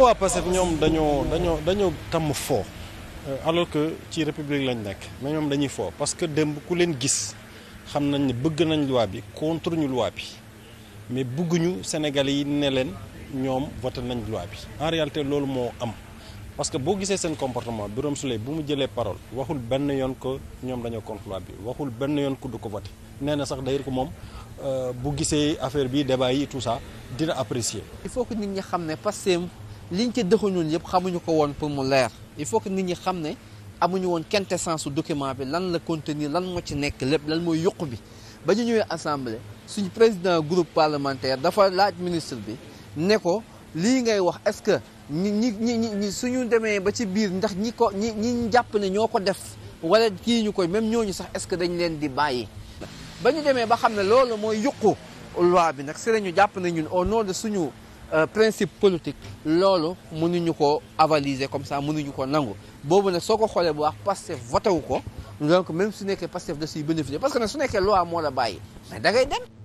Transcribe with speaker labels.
Speaker 1: waaw parce que ñoom dañoo dañoo dañoo tàmm foo euh, alors que ci république lañ nekk mais ñoom dañuy foo parce que démb ku leen gis xam nañ ne bëgg nañ loi bi contre ñu loi mais bëgguñu Sénégalais yi ne leen ñoom voté nañ loi bi loolu moo am parce que boo gisee seen comportement Birame Souleye bu mu jëlee parole waxul benn yoon ko ñoom dañoo contre loi bi waxul benn yoon ko du ko voté nee na sax day ko moom euh, bu gisee affaire bi débat yi tout ça dina apprécier
Speaker 2: il faut que nit ñi xam ne passé liñ ci dëxuñoon yëpp xamuñu ko woon pour mu leer il faut que nit ñi xam ne amuñu woon quintessence su document bi lan la contenir lan moo ci nekk lépp lan mooy yuq bi ba ñu ñëwee assemblée suñu président groupe parlementaire dafa laaj ministre bi ne ko lii ngay wax est-ce que ñi ñi ñi ñi suñu demee ba ci biir ndax ñi ko ñi ñi jàpp ne ñoo ko def wala kii ñu koy même ñu sax est-ce que dañ leen di bàyyi. ba ñu demee ba xam ne loolu mooy yuqu loi bi nag si la ñu jàpp ne ñun au nom de suñu. Euh, principe politique loolu mënuñu ko avaliser comme ça mënuñu ko nangu boobu nag soo ko xoolee bu wax Pastef voté wu ko donc même su nekkee Pastef da siy bénéficier parce que nag su nekkee loi moo la bàyyi mais da ngay dem.